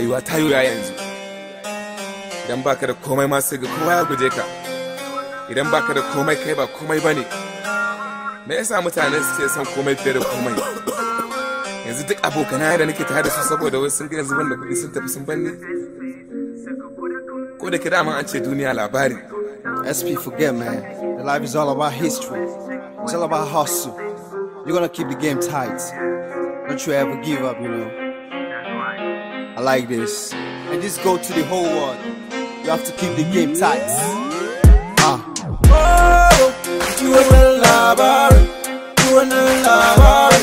rayuwa ta yi yanzu idan baka da komai ma sai ga kowa ya guje ka idan baka da komai kai ba komai bane me yasa mutane suke son komai fiye da komai yanzu duk abokana da nake tare da su saboda wai sun gina zuban da kuɗi sun tafi sun banne ko da ke dama an ce duniya labari sp forget man the life is all about history it's all about hustle you're gonna keep the game tight don't you ever give up you know I like this. And this go to the whole world. You have to keep the game tight. Ah. Oh, you are a lover. You are a lover.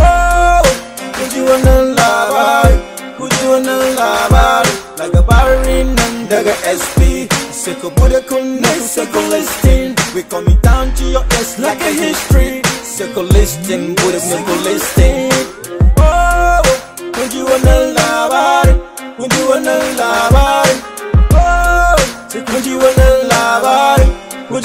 Oh, you are a lover. Who you are a lover? Like a barring and like a SP. Second body connect, second listing. We coming down to your ass like a history. Second listing, good second listing.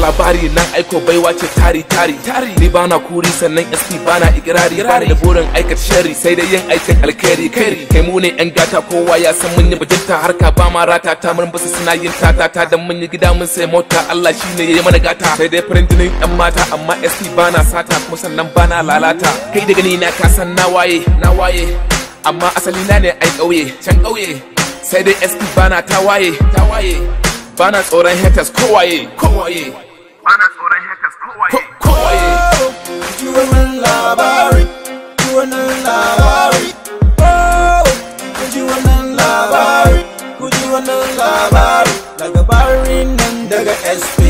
labari nan aiko baiwa ce tari tari ni bana kuri sannan SP bana igirari. bani da burin aikata sharri sai dai yin aikin alkhairi kai kai mu ne yan gata kowa ya san mun yi bajinta harka ba ma rata ta mun basu suna yin tata ta dan mun yi gida mun sai mota Allah shine yayi mana gata sai dai farin jinin yan mata amma SP bana sata kuma sannan bana lalata kai da gani na ka san na waye na waye amma asali na ne ai kauye can kauye sai dai SP bana ta waye ta waye bana tsoron haters kowaye kowaye Ana tsoron hackers kowaye. Kowaye. Ji wannan labari, ji wannan labari. Ku ji wannan labari, ku ji wannan labari. Labarin nan daga SP.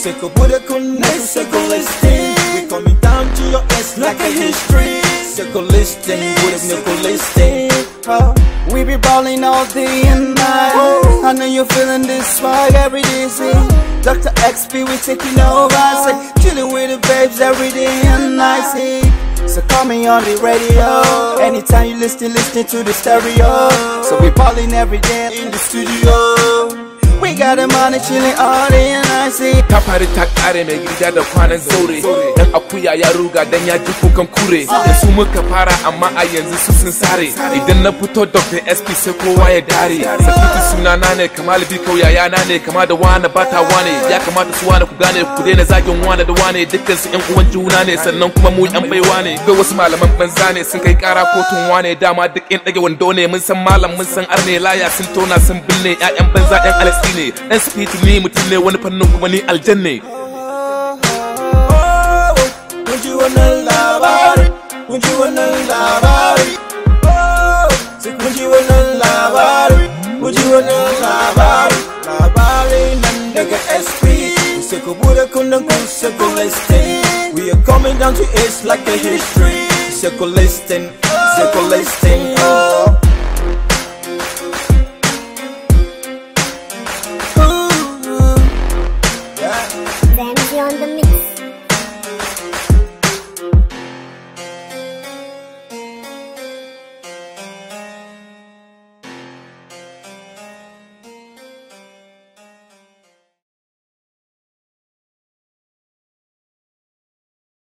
Sai ku kunne, sai We coming down to your ass like a history. Sai ku listing, bude ne We be balling all day and night. I know you're feeling this vibe every day. See? Dr. XP, we taking over. Say, chilling with the babes every day and night. Say, so call me on the radio. Anytime you listen, listen to the stereo. So we ballin' every day in the studio. We got a money chilling all day and I see Ta takare me mai gida da kwanan zaure Dan akuya ya ruga dan ya ji kukan kure Da su muka fara amma a yanzu su sun sare Idan na fito Dr. SP sai kowa ya dare Sakiti suna na ne Kamal Biko ya ya na ne Kama da wane bata wane Ya kamata su wane ku gane ku daina zagin wane da wane Dukkan su yan uwan juna ne sannan kuma mu yan baiwa ne Kai wasu malaman banza ne sun kai kara kotun wane dama bakin dage wando ne mun san malam mun san arne laya sun tona sun binne ƴaƴan banza ƴan alasti ne ɗan ne mutum ne wani fannin kuma ni wannan labari, wannan labari, wannan labari, wannan labari, labari nan daga SP. ku bude ku We are coming down to East like a history. ku take a listing. Oh.